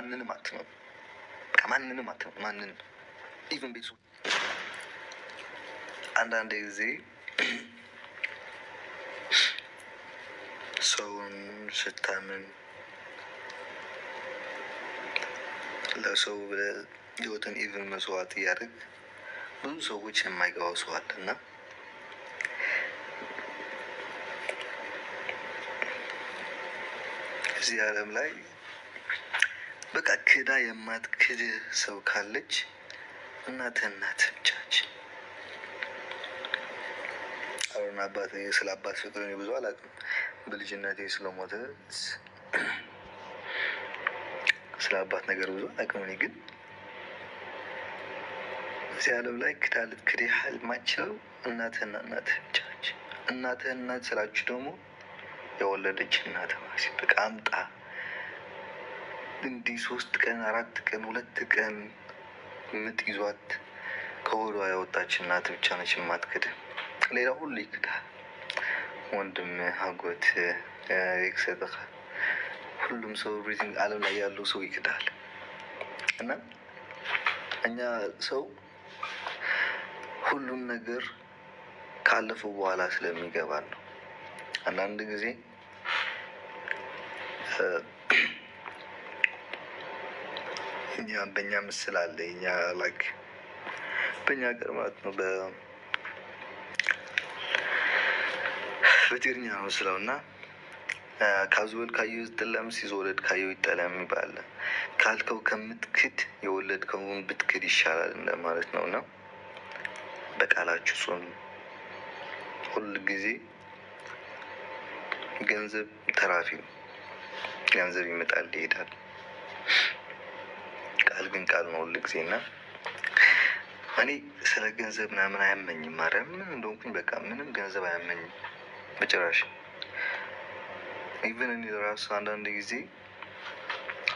ማንንም አትመኑ። ማንንም አትመኑ። ማንንም ኢቨን ቤቱ አንዳንድ ጊዜ ሰውን ስታምን ለሰው ብለህ ህይወትን ኢቨን መስዋዕት እያደረግ ብዙ ሰዎች የማይገባው ሰው አለ እና እዚህ ዓለም ላይ በቃ ክዳ የማትክድ ሰው ካለች እናትህ እናት ብቻች አሁን አባት ስለ አባት ፍቅር ብዙ አላውቅም። በልጅነት ስለሞተ ስለ አባት ነገር ብዙ አላውቅም። እኔ ግን እዚህ ዓለም ላይ ክዳ ልትክድ ያህል ማችለው እናትህና እናት ብቻች። እናትህ እናት ስላችሁ ደግሞ የወለደች እናት በቃ አምጣ እንዲህ ሶስት ቀን አራት ቀን ሁለት ቀን ምጥ ይዟት ከወዷ ያወጣች እናት ብቻ ነች የማትክድ። ሌላ ሁሉ ይክዳል። ወንድም፣ አጎት፣ ኤክሰትራ ሁሉም ሰው ብሪቲንግ አለም ላይ ያለው ሰው ይክዳል። እና እኛ ሰው ሁሉም ነገር ካለፈው በኋላ ስለሚገባ ነው አንዳንድ ጊዜ እኛ አንደኛ ምስል አለ እኛ ላይክ በእኛ ሀገር ማለት ነው በትግርኛ ነው ስለው እና ካዝወል ካየው ይጠለም ሲዝ ወለድ ካየው ይጠለም ይባላል። ካልከው ከምትክድ የወለድከውን ብትክድ ይሻላል እንደማለት ነው እና በቃላችሁ ጽኑ። ሁል ጊዜ ገንዘብ ተራፊ ነው። ገንዘብ ይመጣል ይሄዳል። ቃል ግን ቃል ነው ሁልጊዜ እና እኔ ስለ ገንዘብ ምናምን አያመኝም። ማርያም ምን እንደሆንኩኝ በቃ ምንም ገንዘብ አያመኝም በጭራሽ። ኢቨን እኔ ራሱ አንዳንድ ጊዜ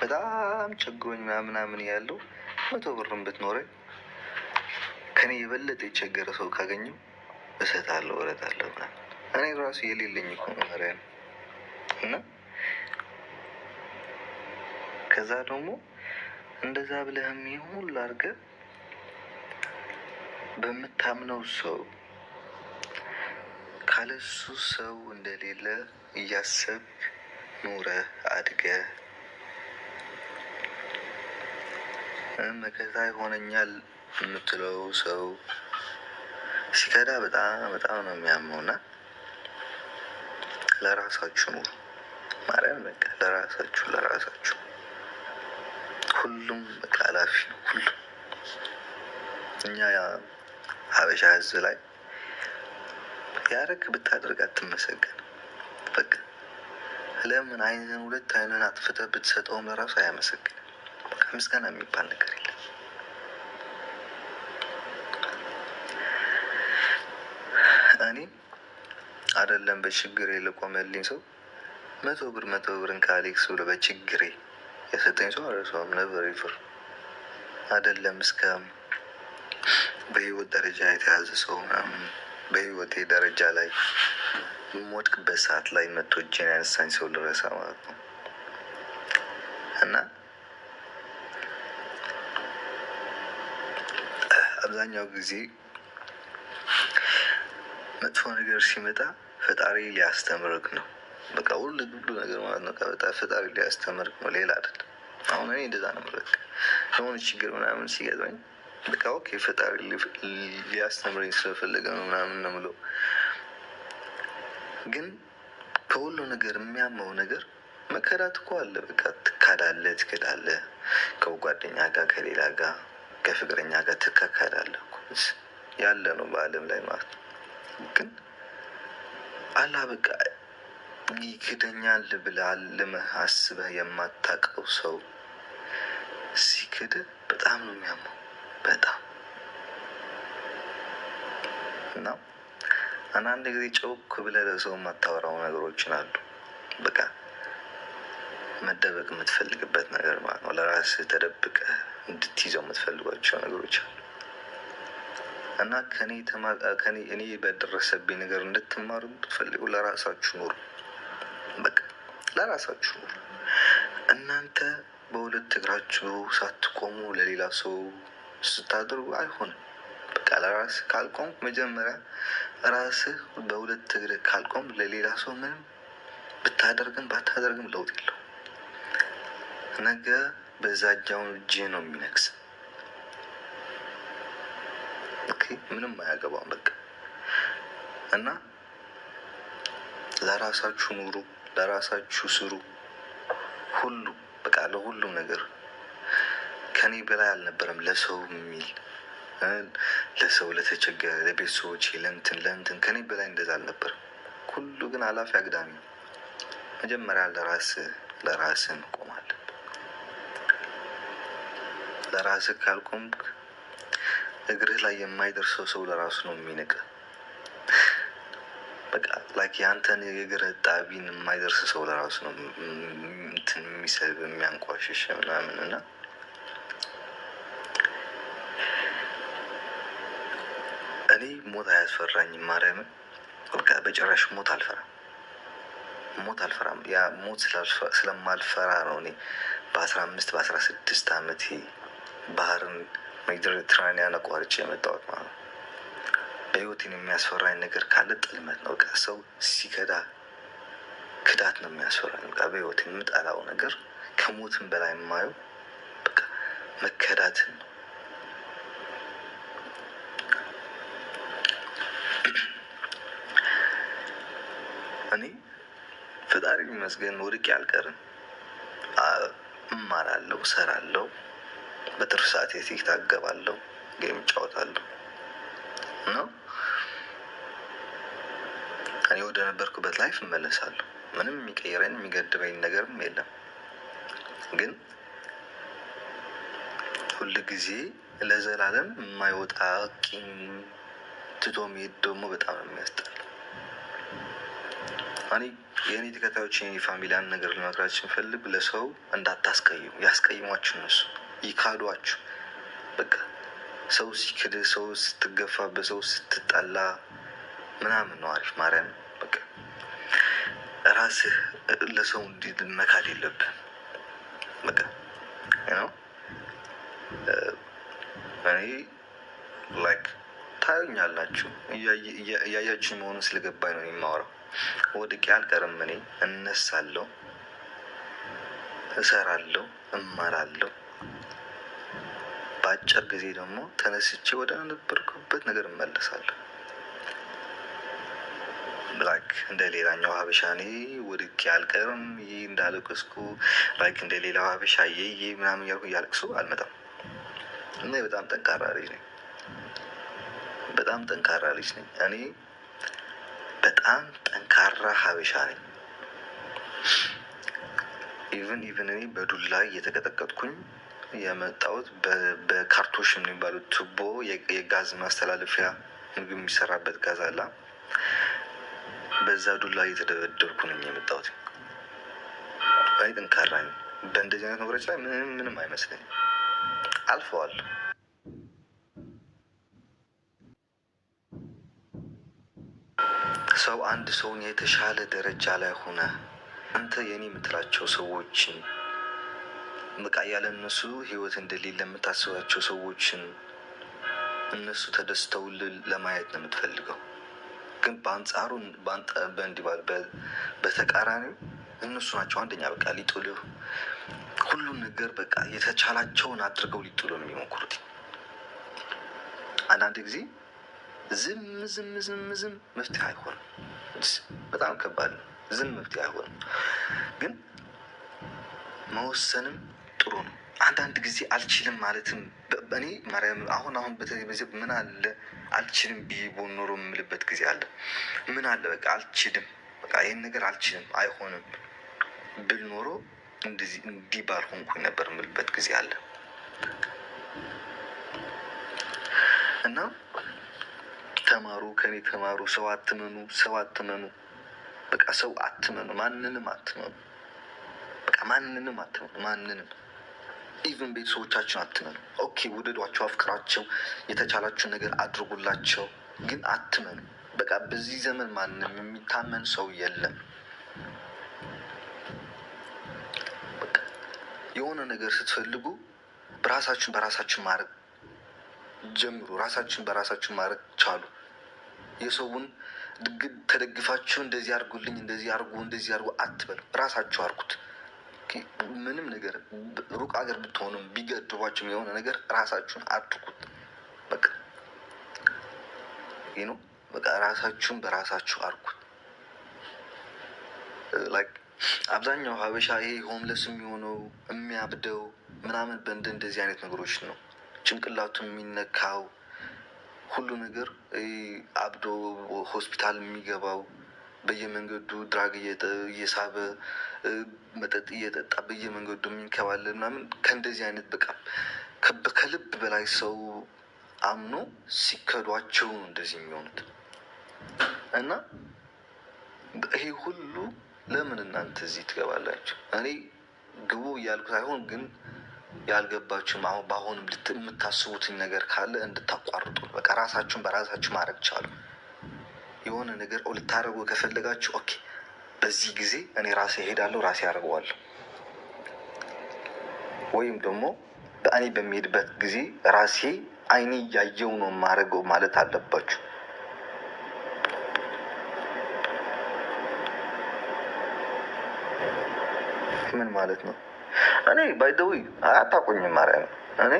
በጣም ቸግሮኝ ምናምናምን ያለው መቶ ብርም ብትኖረኝ ከኔ የበለጠ የቸገረ ሰው ካገኘው እሰጣለሁ፣ እረዳለሁ ምናምን እኔ ራሱ የሌለኝ እኮ ነው ማርያም እና ከዛ ደግሞ እንደዛ ብለህም ሁሉ አድርገህ በምታምነው ሰው ካለሱ ሰው እንደሌለ እያሰብ ኑረህ አድገህ መከታ ይሆነኛል የምትለው ሰው ሲከዳ በጣም በጣም ነው የሚያመው። የሚያመውና ለራሳችሁ ኑሩ። ማርያም በቃ ለራሳችሁ ለራሳችሁ ሁሉም በቃ ኃላፊ ነው። ሁሉም እኛ ሀበሻ ህዝብ ላይ ያረግ ብታደርግ አትመሰገን። በቃ ለምን አይንን ሁለት አይንን አጥፍተ ብትሰጠውም ለራሱ አያመሰግንም። በቃ ምስጋና የሚባል ነገር የለም። እኔ አይደለም በችግሬ ልቆመልኝ ሰው መቶ ብር መቶ ብርን ከአሌክስ ብሎ በችግሬ የሰጠኝ ሰው አረሷም ነበር ይፍር አይደለም እስከ በህይወት ደረጃ የተያዘ ሰው ምናምን በህይወቴ ደረጃ ላይ የምወድቅበት ሰዓት ላይ መቶ እጄን ያነሳኝ ሰው ልረሳ ማለት ነው እና አብዛኛው ጊዜ መጥፎ ነገር ሲመጣ ፈጣሪ ሊያስተምርክ ነው። በቃ ሁሉ ሁሉ ነገር ማለት ነው። በጣም ፈጣሪ ሊያስተምር ነው፣ ሌላ አይደለም። አሁን እኔ እንደዛ ነው። በቃ የሆነ ችግር ምናምን ሲገጥመኝ በቃ ኦኬ ፈጣሪ ሊያስተምረኝ ስለፈለገ ነው ምናምን ነው የምለው። ግን ከሁሉ ነገር የሚያመው ነገር መከዳት እኮ አለ። በቃ ትካዳለ፣ ትክዳለ፣ ከጓደኛ ጋር፣ ከሌላ ጋር፣ ከፍቅረኛ ጋር ትካካዳለ ያለ ነው በአለም ላይ ማለት ነው። ግን አላ በቃ ይክደኛል ብለህ አልመህ አስበህ የማታውቀው ሰው ሲክድ በጣም ነው የሚያመው። በጣም እና አንዳንድ ጊዜ ጨውክ ብለህ ለሰው የማታወራው ነገሮችን አሉ። በቃ መደበቅ የምትፈልግበት ነገር ማለት ነው። ለራስህ ተደብቀ እንድትይዘው የምትፈልጓቸው ነገሮች አሉ እና ከኔ እኔ በደረሰብኝ ነገር እንድትማሩ የምትፈልጉ ለራሳችሁ ኑሩ። በቃ ለራሳችሁ እናንተ በሁለት እግራችሁ ሳትቆሙ ለሌላ ሰው ስታደርጉ አይሆንም። በቃ ለራስ ካልቆም መጀመሪያ ራስህ በሁለት እግር ካልቆም ለሌላ ሰው ምንም ብታደርግም ባታደርግም ለውጥ የለው። ነገ በዛኛው እጅ ነው የሚነግስ። ምንም አያገባውም በቃ እና ለራሳችሁ ኑሩ። ለራሳችሁ ስሩ። ሁሉ በቃ ለሁሉም ነገር ከኔ በላይ አልነበረም ለሰው የሚል ለሰው ለተቸገረ፣ ለቤተሰቦች፣ ለእንትን ለእንትን ከኔ በላይ እንደዛ አልነበረም። ሁሉ ግን አላፊ አግዳሚ መጀመሪያ ለራስ ለራስን ቆማለህ። ለራስህ ካልቆምክ እግርህ ላይ የማይደርሰው ሰው ለራሱ ነው የሚነቀ በቃ ላይክ የአንተን የእግር ጣቢን የማይደርስ ሰው ለራሱ ነው እንትን የሚሰብ የሚያንቋሽሽ ምናምን እና እኔ ሞት አያስፈራኝም። ማርያምን በቃ በጭራሽ ሞት አልፈራም፣ ሞት አልፈራም። ያ ሞት ስለማልፈራ ነው እኔ በአስራ አምስት በአስራ ስድስት አመት ባህርን ሜዲትራኒያን አቋርጬ የመጣሁት ማለት ነው። በህይወትን የሚያስፈራኝ ነገር ካለ ጥልመት ነው። በቃ ሰው ሲከዳ ክዳት ነው የሚያስፈራኝ። በቃ በህይወት የምጠላው ነገር ከሞትን በላይ የማየው በቃ መከዳትን ነው። እኔ ፈጣሪ ይመስገን ወድቄ አልቀርም። እማራለሁ፣ እሰራለሁ፣ በትርፍ ሰዓት የቲክታክ እገባለሁ፣ ጌም እጫወታለሁ ነው ከኔ ወደ ነበርኩበት ላይፍ እመለሳለሁ። ምንም የሚቀይረኝ የሚገድበኝ ነገርም የለም። ግን ሁል ጊዜ ለዘላለም የማይወጣ ቂም ትቶ መሄድ ደግሞ በጣም ነው የሚያስጠላ። እኔ የእኔ ተከታዮች የኔ ፋሚሊያን ነገር ለመቅራት ስንፈልግ ለሰው እንዳታስቀይሙ። ያስቀይሟችሁ እነሱ ይካዷችሁ። በቃ ሰው ሲክድ ሰው ስትገፋበት፣ ሰው ስትጠላ ምናምን ነው አሪፍ ማርያም በቃ ራስህ ለሰው እንዲህ መካድ የለብህም። በቃ ነው uh, እኔ ላይክ ታዩኛላችሁ እያያችን መሆኑን ስለገባኝ ነው የማወራው። ወድቄ አልቀርም። እኔ እነሳለሁ፣ እሰራለሁ፣ እማራለሁ። በአጭር ጊዜ ደግሞ ተነስቼ ወደ ነበርኩበት ነገር እመለሳለሁ። ላይክ እንደ ሌላኛው ሀበሻ እኔ ውድቄ አልቀርም። ይህ እንዳለቀስኩ ላይክ እንደ ሌላው ሀበሻ የዬ ምናምን እያልኩ እያለቅሱ አልመጣም። እና በጣም ጠንካራ ልጅ ነኝ። በጣም ጠንካራ ልጅ ነኝ። እኔ በጣም ጠንካራ ሀበሻ ነኝ። ኢቨን ኢቨን እኔ በዱላ እየተቀጠቀጥኩኝ የመጣሁት በካርቶሽ የሚባሉት ቱቦ የጋዝ ማስተላለፊያ ምግብ የሚሰራበት ጋዝ አላ በዛ ዱላ እየተደበደብኩ ነኝ የመጣሁት። አይ ጠንካራ ነኝ። በእንደዚህ አይነት ነገሮች ላይ ምንም ምንም አይመስለኝ አልፈዋል። ሰው አንድ ሰውን የተሻለ ደረጃ ላይ ሆነ አንተ የኔ የምትላቸው ሰዎችን በቃ ያለ እነሱ ህይወት እንደሌለ የምታስባቸው ሰዎችን እነሱ ተደስተው ለማየት ነው የምትፈልገው። ግን በአንጻሩ በተቃራኒው እነሱ ናቸው አንደኛ በቃ ሊጥሉ ሁሉን ነገር በቃ የተቻላቸውን አድርገው ሊጥሉ የሚሞክሩት። አንዳንድ ጊዜ ዝም ዝም ዝም ዝም መፍትሄ አይሆንም። በጣም ከባድ ነው። ዝም መፍትሄ አይሆንም፣ ግን መወሰንም ጥሩ ነው። አንዳንድ ጊዜ አልችልም ማለትም እኔ ማርያም አሁን አሁን በተለይ ምን አለ አልችልም ብዬ ኖሮ የምልበት ጊዜ አለ። ምን አለ በቃ አልችልም፣ በቃ ይህን ነገር አልችልም፣ አይሆንም ብል ኖሮ እንደዚህ እንዲህ ባልሆንኩኝ ነበር የምልበት ጊዜ አለ እና ተማሩ፣ ከኔ ተማሩ። ሰው አትመኑ፣ ሰው አትመኑ፣ በቃ ሰው አትመኑ፣ ማንንም አትመኑ፣ በቃ ማንንም አትመኑ፣ ማንንም ኢቨን ቤተሰቦቻችሁን አትመኑ። ኦኬ ውደዷቸው፣ አፍቅራቸው፣ የተቻላችሁን ነገር አድርጉላቸው፣ ግን አትመኑ። በቃ በዚህ ዘመን ማንም የሚታመን ሰው የለም። የሆነ ነገር ስትፈልጉ ራሳችሁን በራሳችሁን ማድረግ ጀምሩ። ራሳችሁን በራሳችሁን ማድረግ ቻሉ። የሰውን ተደግፋችሁ እንደዚህ አድርጉልኝ፣ እንደዚህ አድርጉ፣ እንደዚህ አርጉ እንደዚህ አርጉ አትበሉ ራሳችሁ አርጉት ምንም ነገር ሩቅ ሀገር ብትሆኑም ቢገድቧችሁም የሆነ ነገር ራሳችሁን አትኩት። በቃ ይህ ነው። በቃ ራሳችሁን በራሳችሁ አርኩት። አብዛኛው ሀበሻ ይሄ ሆምለስ የሚሆነው የሚያብደው ምናምን በእንደ እንደዚህ አይነት ነገሮች ነው። ጭንቅላቱ የሚነካው ሁሉ ነገር አብዶ ሆስፒታል የሚገባው በየመንገዱ ድራግ እየሳበ መጠጥ እየጠጣ በየመንገዱ የሚንከባለል ምናምን ከእንደዚህ አይነት በቃ ከልብ በላይ ሰው አምኖ ሲከዷቸው ነው እንደዚህ የሚሆኑት እና ይሄ ሁሉ ለምን እናንተ እዚህ ትገባላችሁ? እኔ ግቡ እያልኩ ሳይሆን ግን ያልገባችሁም አሁን በአሁንም የምታስቡትኝ ነገር ካለ እንድታቋርጡ በቃ ራሳችሁን በራሳችሁ ማድረግ ቻሉ። የሆነ ነገር ልታደረጉ ከፈለጋችሁ ኦኬ፣ በዚህ ጊዜ እኔ ራሴ እሄዳለሁ፣ ራሴ አደርገዋለሁ። ወይም ደግሞ በእኔ በሚሄድበት ጊዜ ራሴ አይኔ እያየው ነው የማደርገው ማለት አለባችሁ። ምን ማለት ነው? እኔ ባይደዊ አታቆኝም ማርያም እኔ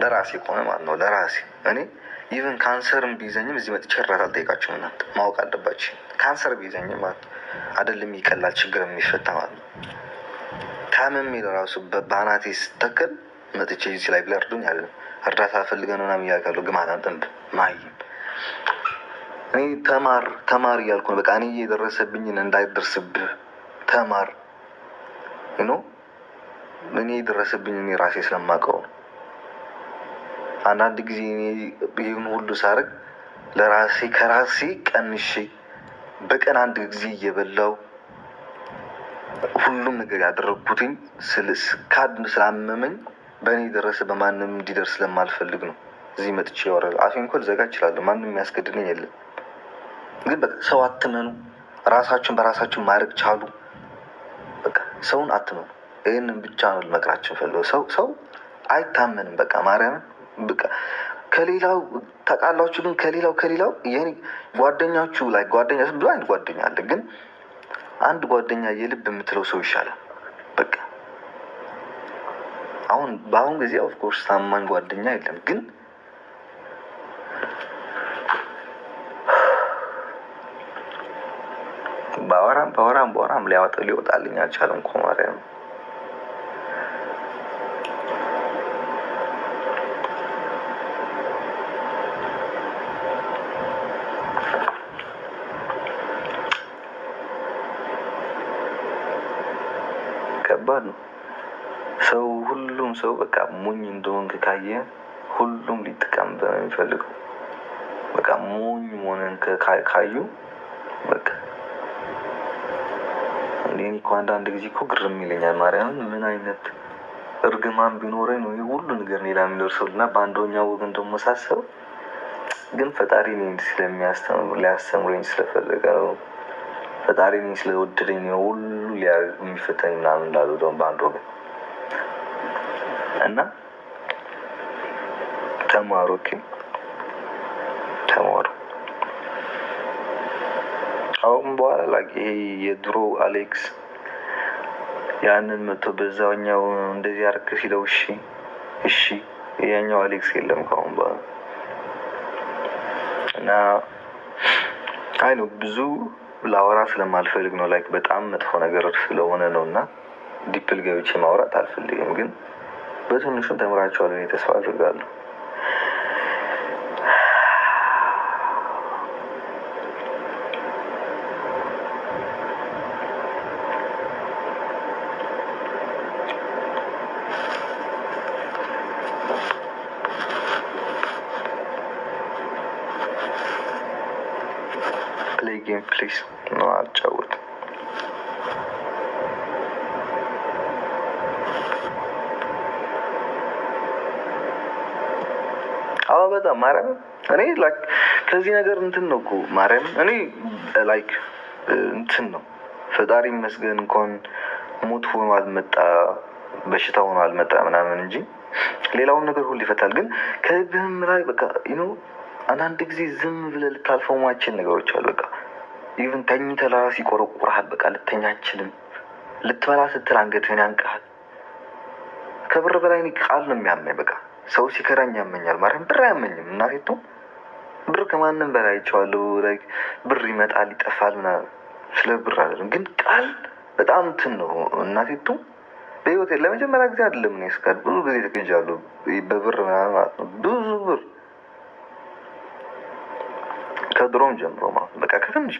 ለራሴ ከሆነ ማለት ነው ለራሴ እኔ ኢቨን ካንሰርም ቢይዘኝም እዚህ መጥቼ እርዳታ አልጠይቃቸውም። እናንተ ማወቅ አለባችሁ ካንሰር ቢይዘኝም ማለት አይደለም ይቀላል ችግር የሚፈታ ማለት ነው። ታም ታምሜ ራሱ በአናቴ ስተክል መጥቼ እዚህ ላይ ብለርዱኝ አለ እርዳታ ፈልገ ፈልገን ምናምን እያልካሉ ግማት አንጥንብ ማይም እኔ ተማር ተማር እያልኩ ነው። በቃ እኔ የደረሰብኝን እንዳይደርስብህ ተማር ነው እኔ የደረሰብኝ እኔ ራሴ ነው። አንዳንድ ጊዜ ይህን ሁሉ ሳርግ ለራሴ ከራሴ ቀንሼ በቀን አንድ ጊዜ እየበላው ሁሉም ነገር ያደረግኩትኝ ካድ ስላመመኝ በእኔ የደረሰ በማንም እንዲደርስ ስለማልፈልግ ነው። እዚህ መጥቼ ይወራል። አፌን እኮ ልዘጋ እችላለሁ። ማንም የሚያስገድደኝ የለም። ግን በቃ ሰው አትመኑ። ራሳችሁን በራሳችሁን ማድረግ ቻሉ። በቃ ሰውን አትመኑ። ይህንን ብቻ ነው ልመክራችን ፈልገው ሰው ሰው አይታመንም። በቃ ማርያምን በቃ ከሌላው ታውቃላችሁ። ግን ከሌላው ከሌላው ይህ ጓደኛችሁ ላይ ጓደኛ ብዙ አይነት ጓደኛ አለ። ግን አንድ ጓደኛ የልብ የምትለው ሰው ይሻላል። በቃ አሁን በአሁን ጊዜ ኦፍኮርስ ታማኝ ጓደኛ የለም። ግን ባወራም ባወራም ባወራም ሊያወጣ ሊወጣልኝ አልቻለም እኮ ማርያም ከባድ ነው። ሰው ሁሉም ሰው በቃ ሞኝ እንደሆንክ ካየ ሁሉም ሊጠቀምበት ነው የሚፈልገው። በቃ ሞኝ መሆንን ካዩ በቃ እኔ እኮ አንዳንድ ጊዜ እኮ ግርም ይለኛል። ማርያም ምን አይነት እርግማን ቢኖረኝ ነው ይህ ሁሉ ነገር ሌላ የሚደርሰው እና በአንደኛ ወገን ደግሞ ሳሰብ ግን ፈጣሪ ስለሚያስተምር ሊያስተምረኝ ስለፈለገ ነው። ፈጣሪ እኔ ስለወደደኝ ነው ሁሉ የሚፈተኝ ምናምን እንዳሉ ደግሞ በአንድ ወገን እና ተማሩ ኪም ተማሩ። አሁን በኋላ ላይ ይሄ የድሮ አሌክስ ያንን መቶ በዛኛው እንደዚህ አርክ ሲለው እሺ እሺ ያኛው አሌክስ የለም ከአሁን በኋላ እና አይ ነው ብዙ ላወራ ስለማልፈልግ ነው። ላይክ በጣም መጥፎ ነገር ስለሆነ ነው እና ዲፕል ገብቼ ማውራት አልፈልግም። ግን በትንሹም ተምራቸዋለን ተስፋ አድርጋለሁ። በጣም ማርያም እኔ ላይክ ከዚህ ነገር እንትን ነው እኮ ማርያም እኔ ላይክ እንትን ነው ፈጣሪ ይመስገን እንኳን ሞት ሆኖ አልመጣ በሽታ ሆኖ አልመጣ ምናምን እንጂ ሌላውን ነገር ሁሉ ይፈታል። ግን ከልብህም ላይ በቃ ዩኖ አንዳንድ ጊዜ ዝም ብለህ ልታልፈው ማችል ነገሮች አሉ። በቃ ኢቭን ተኝተህ ለራስህ ይቆረቁረሃል። በቃ ልተኛ አችልም። ልትበላ ስትል አንገትህን ያንቀሃል። ከብር በላይ ቃል ነው የሚያመኝ በቃ ሰው ሲከራኝ ያመኛል። ማርያም ብር አያመኝም። እናቴቱ ብር ከማንም በላይ አይቼዋለሁ። ብር ይመጣል ይጠፋል ምናምን። ስለ ብር አለም ግን ቃል በጣም እንትን ነው። እናቴቱ በህይወት ለመጀመሪያ ጊዜ አይደለም እኔ ስቃል ብዙ ጊዜ ተገኝቻለሁ በብር ምናምን ማለት ነው። ብዙ ብር ከድሮም ጀምሮ ማለት በቃ ከትንሽ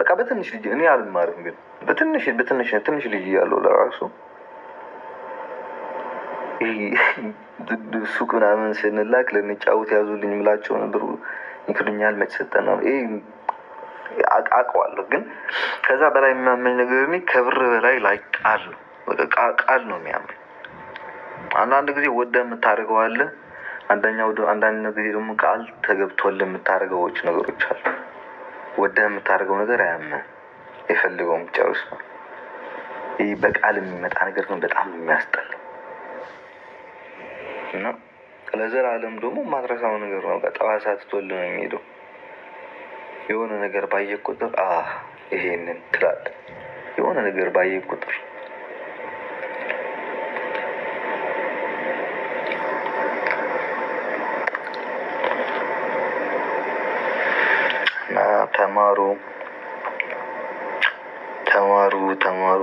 በቃ በትንሽ ልጅ እኔ አልማርም ግን በትንሽ በትንሽ ትንሽ ልጅ እያለሁ ለራሱ ሱቅ ምናምን ስንላክ ልንጫወት ያዙልኝ ምላቸው ብሩ ይክዱኛል። መች ሰጠን ነው ይሄ አውቀዋለሁ። ግን ከዛ በላይ የሚያመኝ ነገር እኔ ከብር በላይ ላይ ቃል ቃል ነው የሚያመኝ። አንዳንድ ጊዜ ወደ የምታደርገው አለ፣ አንደኛ አንዳንድ ጊዜ ደግሞ ቃል ተገብቶል የምታደርገዎች ነገሮች አሉ። ወደ የምታደርገው ነገር አያመ የፈልገውም ጨርስ ነው። ይህ በቃል የሚመጣ ነገር ግን በጣም የሚያስጠላ እና ለዘር አለም ደግሞ ማድረሳው ነገር ነው። ጠባሳ ትቶል ነው የሚሄደው። የሆነ ነገር ባየ ቁጥር አ ይሄንን ትላል። የሆነ ነገር ባየ ቁጥር ተማሩ ተማሩ ተማሩ